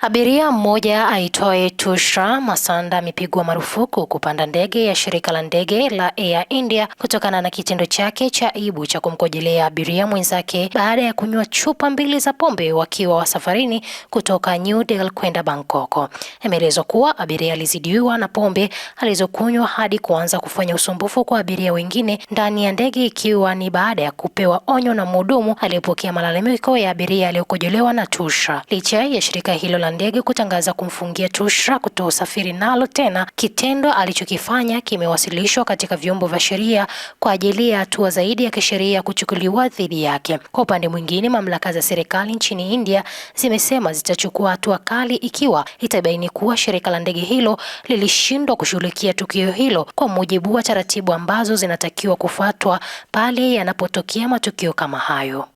Abiria mmoja aitwaye Tushra Masanda amepigwa marufuku kupanda ndege ya shirika la ndege la Air India kutokana na kitendo chake cha aibu cha kumkojelea abiria mwenzake baada ya kunywa chupa mbili za pombe wakiwa wasafarini kutoka New Delhi kwenda Bangkok. Imeelezwa kuwa abiria alizidiwa na pombe alizokunywa hadi kuanza kufanya usumbufu kwa abiria wengine ndani ya ndege, ikiwa ni baada ya kupewa onyo na mhudumu aliyepokea malalamiko ya abiria aliyokojelewa na Tushra. Licha ya shirika hilo la la ndege kutangaza kumfungia Tushra kutoa usafiri nalo tena, kitendo alichokifanya kimewasilishwa katika vyombo vya sheria kwa ajili ya hatua zaidi ya kisheria kuchukuliwa dhidi yake. Kwa upande mwingine, mamlaka za serikali nchini India zimesema zitachukua hatua kali ikiwa itabaini kuwa shirika la ndege hilo lilishindwa kushughulikia tukio hilo kwa mujibu wa taratibu ambazo zinatakiwa kufuatwa pale yanapotokea matukio kama hayo.